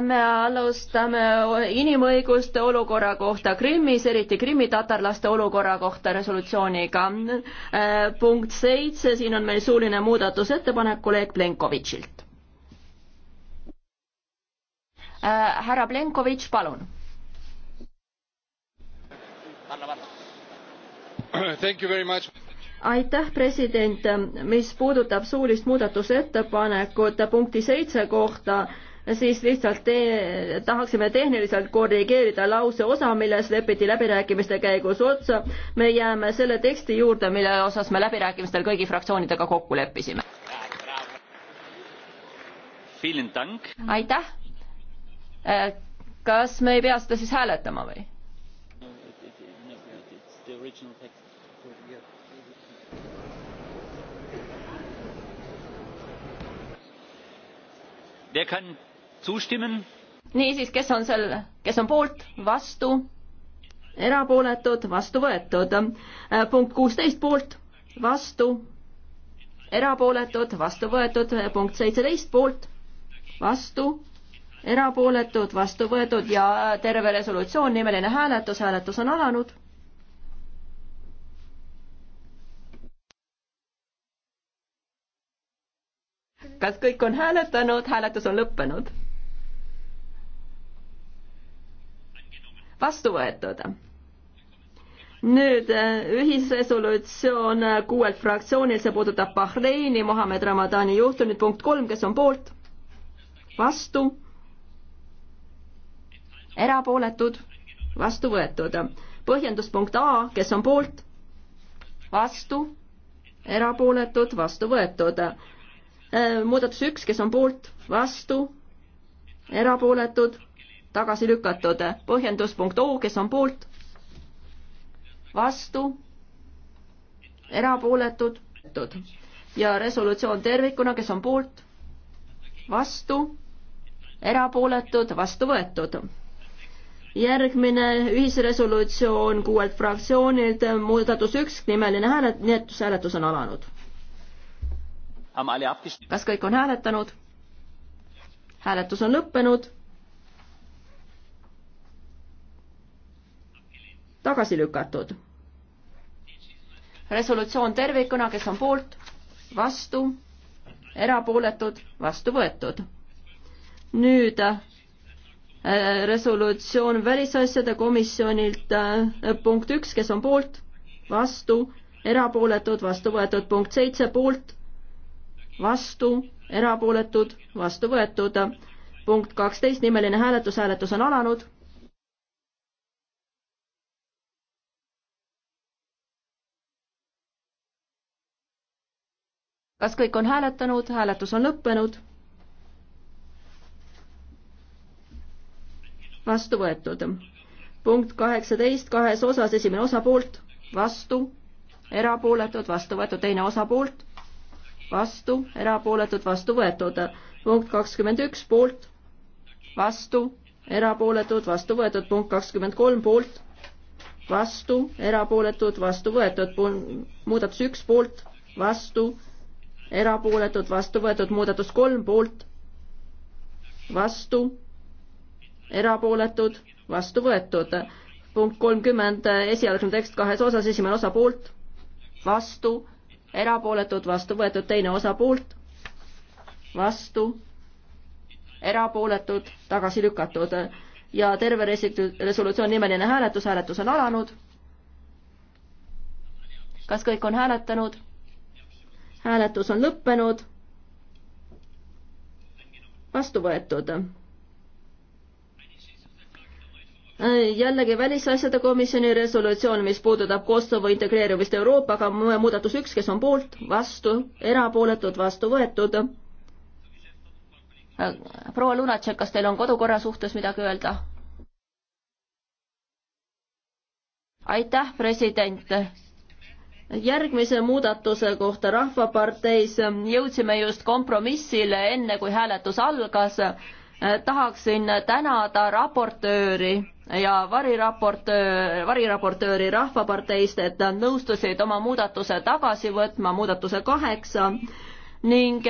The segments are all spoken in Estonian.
me alustame inimõiguste olukorra kohta Krimmis, eriti krimmitatarlaste olukorra kohta resolutsiooniga. punkt seitse, siin on meil suuline muudatusettepanek kolleeg Plenkovitšilt. härra Plenkovitš, palun. Thank you very much aitäh, president, mis puudutab suulist muudatusettepanekut punkti seitse kohta, siis lihtsalt te tahaksime tehniliselt korrigeerida lause osa, milles lepiti läbirääkimiste käigus otsa. me jääme selle teksti juurde, mille osas me läbirääkimistel kõigi fraktsioonidega kokku leppisime. aitäh. Äh, kas me ei pea seda siis hääletama või? niisiis, kes on seal, kes on poolt, vastu, erapooletud, vastu võetud. Äh, punkt kuusteist poolt, vastu, erapooletud, vastu võetud, äh, punkt seitseteist poolt, vastu, erapooletud, vastu võetud ja äh, terve resolutsioon, nimeline hääletus, hääletus on alanud kas kõik on hääletanud, hääletus on lõppenud? vastu võetud. nüüd äh, ühisresolutsioon äh, kuuelt fraktsioonilt, see puudutab Bahreini, Mohammed Ramadani juhtumit, punkt kolm, kes on poolt? vastu? erapooletud? vastu võetud. põhjendus punkt A, kes on poolt? vastu? erapooletud, vastu võetud Äh, muudatus üks, kes on poolt, vastu, erapooletud, tagasi lükatud. põhjendus punkt O, kes on poolt, vastu, erapooletud ja resolutsioon tervikuna, kes on poolt, vastu, erapooletud, vastu võetud järgmine ühisresolutsioon kuuelt fraktsioonilt, muudatus üks, nimeline hääletus, hääletus on alanud kas kõik on hääletanud? hääletus on lõppenud. tagasi lükatud. resolutsioon tervikuna, kes on poolt, vastu, erapooletud, vastu võetud. nüüd äh, resolutsioon välisasjade komisjonilt äh, punkt üks, kes on poolt, vastu, erapooletud, vastu võetud, punkt seitse poolt vastu, erapooletud, vastu võetud. punkt kaksteist, nimeline hääletus, hääletus on alanud. kas kõik on hääletanud, hääletus on lõppenud? vastu võetud. punkt kaheksateist kahes osas, esimene osa poolt, vastu, erapooletud, vastu võetud, teine osa poolt vastu, erapooletud, vastu võetud. punkt kakskümmend üks poolt, vastu, erapooletud, vastu võetud, punkt kakskümmend kolm poolt, vastu, erapooletud, vastu võetud, muudatus üks poolt, vastu, erapooletud, vastu võetud, muudatus kolm poolt, vastu, erapooletud, vastu võetud. punkt kolmkümmend, esialgne tekst kahes osas, esimene osa poolt, vastu erapooletud, vastu võetud, teine osa poolt, vastu, erapooletud, tagasi lükatud ja terve resolutsiooni nimeline hääletus, hääletus on alanud. kas kõik on hääletanud? hääletus on lõppenud. vastu võetud Äh, jällegi Välisasjade Komisjoni resolutsioon, mis puudutab Kosovo integreerumist Euroopaga, muudatus üks, kes on poolt, vastu, erapooletud, vastu võetud. Äh, proua Lunatšek, kas teil on kodukorra suhtes midagi öelda? aitäh, president. järgmise muudatuse kohta Rahvaparteis jõudsime just kompromissile, enne kui hääletus algas. Äh, tahaksin tänada raportööri ja variraportöör, variraportööri Rahvaparteist, et nad nõustusid oma muudatuse tagasi võtma, muudatuse kaheksa, ning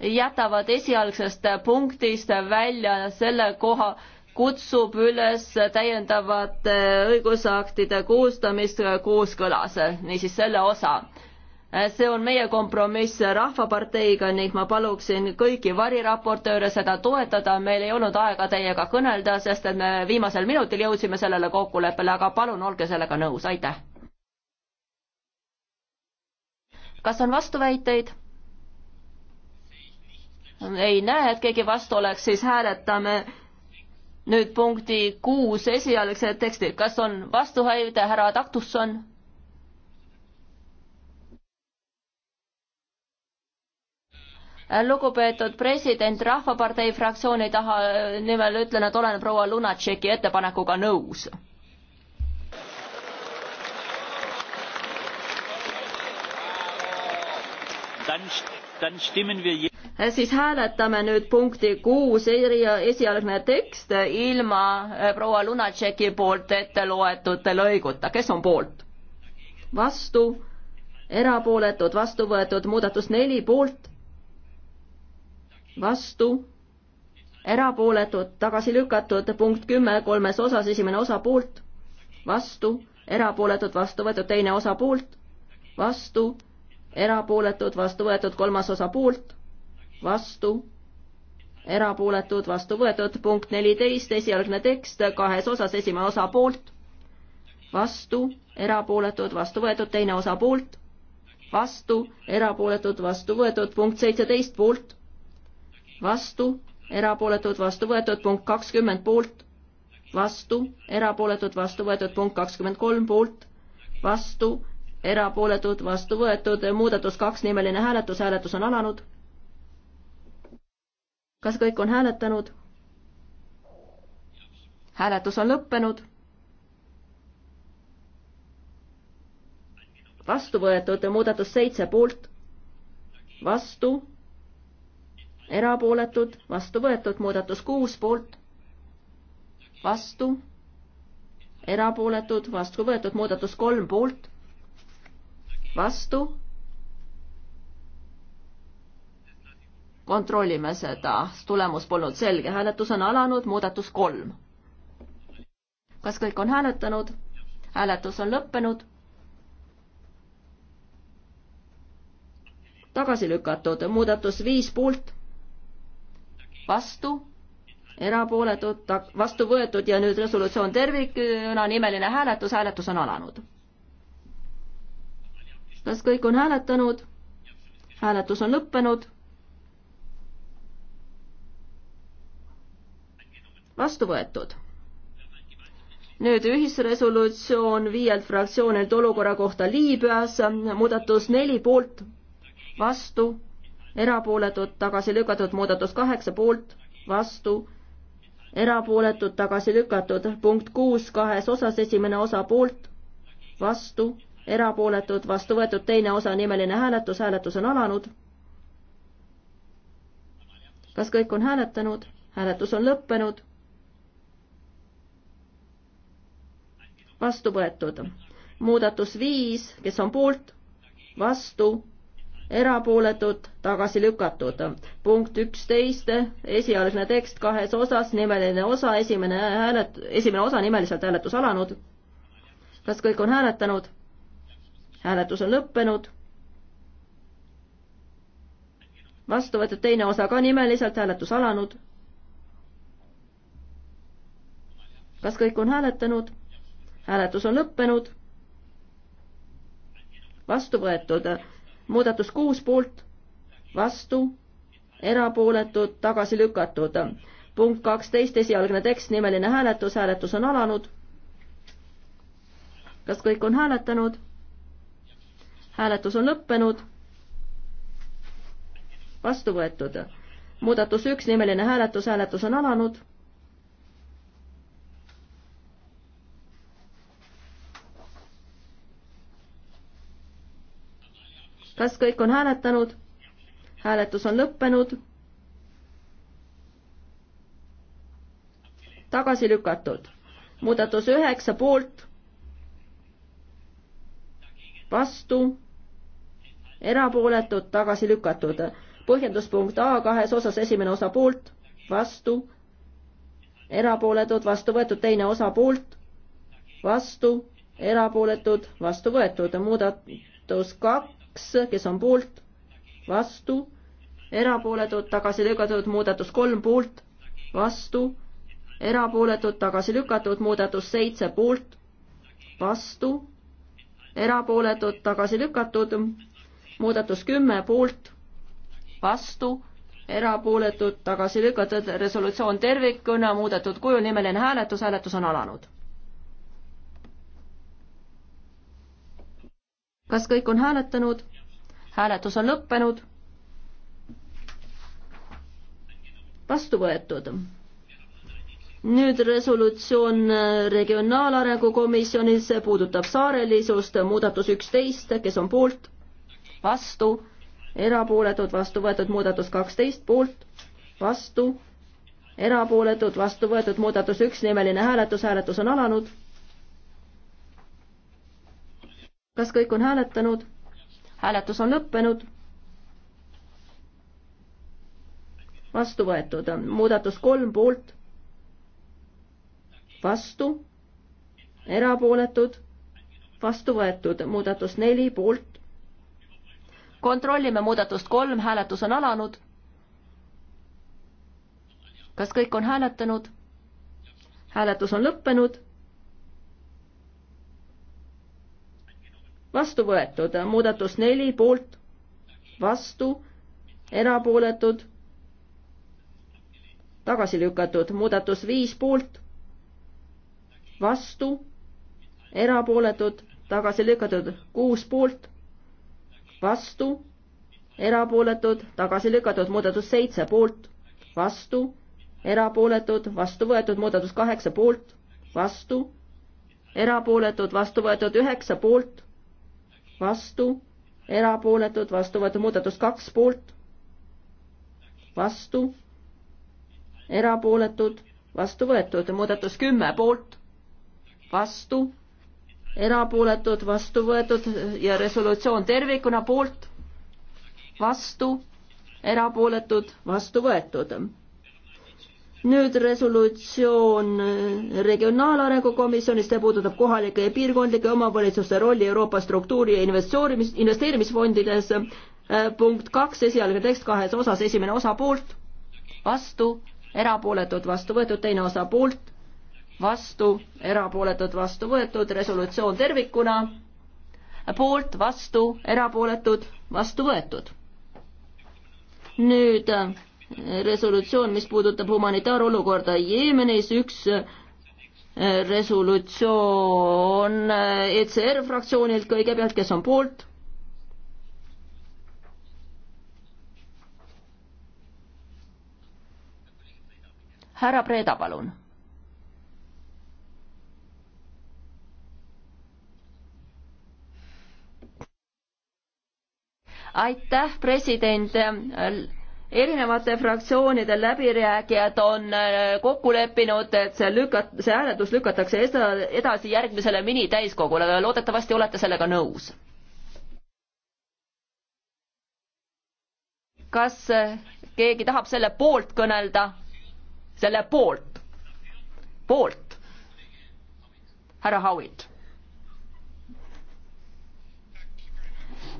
jätavad esialgsest punktist välja selle koha, kutsub üles täiendavate õigusaktide koostamist kooskõlas, niisiis selle osa Äh, see on meie kompromiss Rahvaparteiga ning ma paluksin kõiki variraportööre seda toetada, meil ei olnud aega teiega kõnelda, sest et me viimasel minutil jõudsime sellele kokkuleppele, aga palun olge sellega nõus, aitäh. kas on vastuväiteid? ei näe, et keegi vastu oleks, siis hääletame nüüd punkti kuus esialgset teksti, kas on vastuhääl, härra Taktusson? lugupeetud president, Rahvapartei fraktsiooni taha äh, nimel ütlen, et olen proua Lunatšeki ettepanekuga nõus. Äh, siis hääletame nüüd punkti kuus esialgne tekst ilma äh, proua Lunatšeki poolt ette loetud lõiguta, kes on poolt? vastu, erapooletud, vastu võetud, muudatus neli poolt vastu, erapooletud, tagasi lükatud, punkt kümme kolmes osas, esimene osa poolt, vastu, erapooletud, vastu võetud, teine osa poolt, vastu, erapooletud, vastu võetud, kolmas osa poolt, vastu, erapooletud, vastu võetud, punkt neliteist, esialgne tekst kahes osas, esimene osa poolt, vastu, erapooletud, vastu võetud, teine osa poolt, vastu, erapooletud, vastu võetud, punkt seitseteist poolt, vastu, erapooletud, vastu võetud, punkt kakskümmend poolt, vastu, erapooletud, vastu võetud, punkt kakskümmend kolm poolt, vastu, erapooletud, vastu võetud, muudatus kaks, nimeline hääletus, hääletus on alanud. kas kõik on hääletanud? hääletus on lõppenud. vastu võetud muudatus seitse poolt, vastu erapooletud, vastu võetud, muudatus kuus poolt, vastu, erapooletud, vastu võetud, muudatus kolm poolt, vastu. kontrollime seda, tulemus polnud selge, hääletus on alanud, muudatus kolm. kas kõik on hääletanud? hääletus on lõppenud tagasi lükatud, muudatus viis poolt, vastu, erapooletud, vastu võetud ja nüüd resolutsioon tervikuna, nimeline hääletus, hääletus on alanud. kas kõik on hääletanud? hääletus on lõppenud. vastu võetud nüüd ühisresolutsioon viielt fraktsioonilt olukorra kohta Liibüas, muudatus neli poolt, vastu, erapooletud, tagasi lükatud, muudatus kaheksa poolt, vastu, erapooletud, tagasi lükatud, punkt kuus kahes osas, esimene osa poolt, vastu, erapooletud, vastu võetud, teine osa, nimeline hääletus, hääletus on alanud. kas kõik on hääletanud? hääletus on lõppenud. vastu võetud. muudatus viis, kes on poolt, vastu erapooletud, tagasi lükatud. punkt üksteist, esialgne tekst kahes osas, nimeline osa, esimene häälet-, esimene osa nimeliselt hääletus alanud. kas kõik on hääletanud? hääletus on lõppenud. vastu võetud teine osa ka nimeliselt hääletus alanud. kas kõik on hääletanud? hääletus on lõppenud. vastu võetud muudatus kuus poolt, vastu, erapooletud, tagasi lükatud. punkt kaksteist, esialgne tekst, nimeline hääletus, hääletus on alanud. kas kõik on hääletanud? hääletus on lõppenud. vastu võetud. muudatus üks, nimeline hääletus, hääletus on alanud kas kõik on hääletanud? hääletus on lõppenud. tagasi lükatud. muudatus üheksa poolt, vastu, erapooletud, tagasi lükatud. põhjenduspunkt A kahes osas, esimene osa poolt, vastu, erapooletud, vastu võetud, teine osa poolt, vastu, erapooletud, vastu võetud. muudatus kaks kaks, kes on poolt, vastu, erapooletud, tagasi lükatud, muudatus kolm poolt, vastu, erapooletud, tagasi lükatud, muudatus seitse poolt, vastu, erapooletud, tagasi lükatud, muudatus kümme poolt, vastu, erapooletud, tagasi lükatud, resolutsioon tervikuna muudetud kujul, nimeline hääletus, hääletus on alanud kas kõik on hääletanud? hääletus on lõppenud. vastu võetud. nüüd resolutsioon Regionaalarengu komisjonis puudutab saarelisust, muudatus üksteist, kes on poolt, vastu, erapooletud, vastu võetud, muudatus kaksteist, poolt, vastu, erapooletud, vastu võetud, muudatus üks, nimeline hääletus, hääletus on alanud kas kõik on hääletanud? hääletus on lõppenud. vastu võetud, muudatus kolm poolt, vastu, erapooletud, vastu võetud, muudatus neli poolt. kontrollime muudatust kolm, hääletus on alanud. kas kõik on hääletanud? hääletus on lõppenud vastu võetud, muudatus neli poolt, vastu, erapooletud, tagasi lükatud, muudatus viis poolt, vastu, erapooletud, tagasi lükatud, kuus poolt, vastu, erapooletud, tagasi lükatud, muudatus seitse poolt, vastu, erapooletud, vastu võetud, muudatus kaheksa poolt, vastu, erapooletud, vastu võetud üheksa poolt vastu, erapooletud, vastu võetud, muudatus kaks poolt, vastu, erapooletud, vastu võetud, muudatus kümme poolt, vastu, erapooletud, vastu võetud ja resolutsioon tervikuna poolt, vastu, erapooletud, vastu võetud nüüd resolutsioon Regionaalarengu komisjonist ja puudutab kohalike ja piirkondlike omavalitsuste rolli Euroopa struktuuri ja investeerimis, investeerimisfondides. Äh, punkt kaks, esialgne tekst kahes osas, esimene osa poolt, vastu, erapooletud, vastu võetud, teine osa poolt, vastu, erapooletud, vastu võetud, resolutsioon tervikuna, poolt, vastu, erapooletud, vastu võetud. nüüd äh, resolutsioon, mis puudutab humanitaarolukorda Jeemenis, üks äh, resolutsioon äh, ECR fraktsioonilt kõigepealt, kes on poolt? härra Preeda, palun. aitäh, president erinevate fraktsioonide läbirääkijad on äh, kokku leppinud, et see lükat-, see hääletus lükatakse edasi järgmisele minitäiskogule, loodetavasti olete sellega nõus. kas äh, keegi tahab selle poolt kõnelda? selle poolt, poolt, härra Howitt.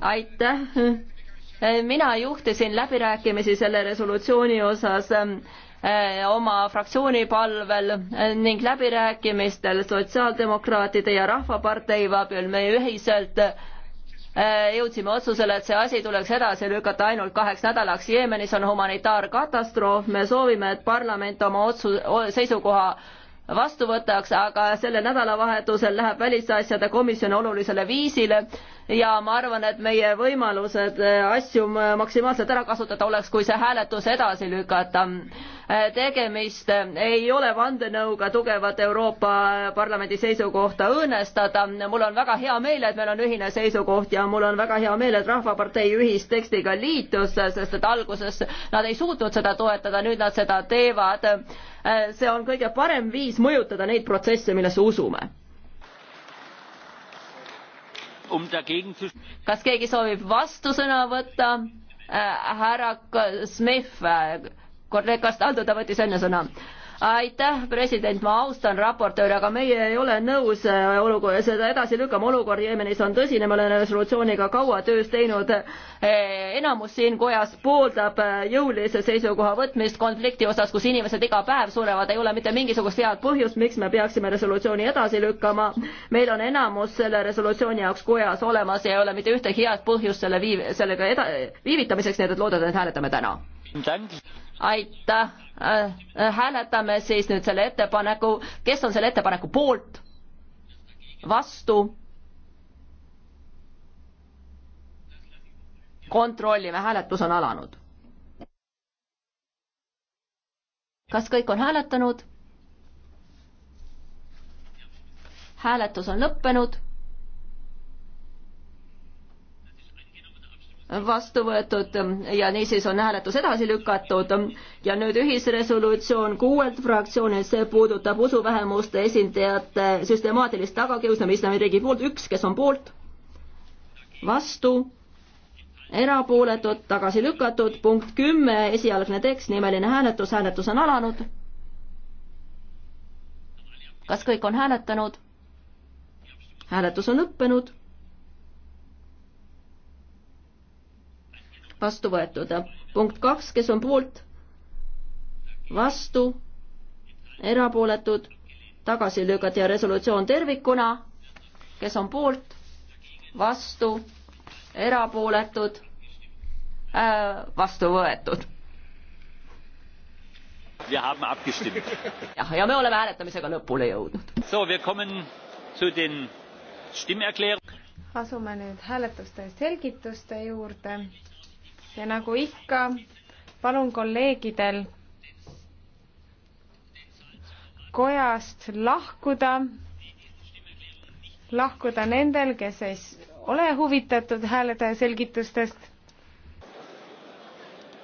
aitäh mina juhtisin läbirääkimisi selle resolutsiooni osas ähm, äh, oma fraktsiooni palvel ning läbirääkimistel Sotsiaaldemokraatide ja Rahvapartei vabil me ühiselt äh, jõudsime otsusele, et see asi tuleks edasi lükata ainult kaheks nädalaks. Jeemenis on humanitaarkatastroof, me soovime, et parlament oma otsu-, seisukoha vastu võtaks, aga sellel nädalavahetusel läheb välisasjade komisjon olulisele viisile ja ma arvan, et meie võimalused äh, asju maksimaalselt ära kasutada oleks, kui see hääletus edasi lükata. Äh, tegemist äh, ei ole vandenõuga tugevat Euroopa Parlamendi seisukohta õõnestada. mul on väga hea meel, et meil on ühine seisukoht ja mul on väga hea meel, et Rahvapartei ühistekstiga liitus, sest et alguses nad ei suutnud seda toetada, nüüd nad seda teevad. see on kõige parem viis mõjutada neid protsesse, millesse usume Um kas keegi soovib vastusõna võtta? Äh, härra Smith, äh, kolleeg Kastaldo, ta võttis enne sõna aitäh, president, ma austan raportööri, aga meie ei ole nõus äh, olukorra, seda edasi lükkama, olukord Jeemenis on tõsine, me oleme resolutsiooniga kaua töös teinud. Äh, enamus siin kojas pooldab äh, jõulise seisukoha võtmist konflikti osas, kus inimesed iga päev surevad, ei ole mitte mingisugust head põhjust, miks me peaksime resolutsiooni edasi lükkama. meil on enamus selle resolutsiooni jaoks kojas olemas ja ei ole mitte ühtegi head põhjust selle viiv-, sellega eda-, viivitamiseks, nii et loodan, et hääletame täna aitäh, äh, hääletame siis nüüd selle ettepaneku, kes on selle ettepaneku poolt, vastu? kontrollime, hääletus on alanud. kas kõik on hääletanud? hääletus on lõppenud vastu võetud ja niisiis on hääletus edasi lükatud. ja nüüd ühisresolutsioon kuuelt fraktsioonilt, see puudutab usuvähemuste esindajate süstemaatilist tagakiusamist Islamiriigi poolt, üks, kes on poolt, vastu, erapooletud, tagasi lükatud, punkt kümme, esialgne tekst, nimeline hääletus, hääletus on alanud. kas kõik on hääletanud? hääletus on lõppenud vastu võetud. punkt kaks, kes on poolt, vastu, erapooletud, tagasi lükati ja resolutsioon tervikuna, kes on poolt, vastu, erapooletud äh,, vastu võetud. jah, ja me oleme hääletamisega lõpule jõudnud. asume nüüd hääletuste selgituste juurde ja nagu ikka, palun kolleegidel kojast lahkuda, lahkuda nendel, kes ei ole huvitatud hääletaja selgitustest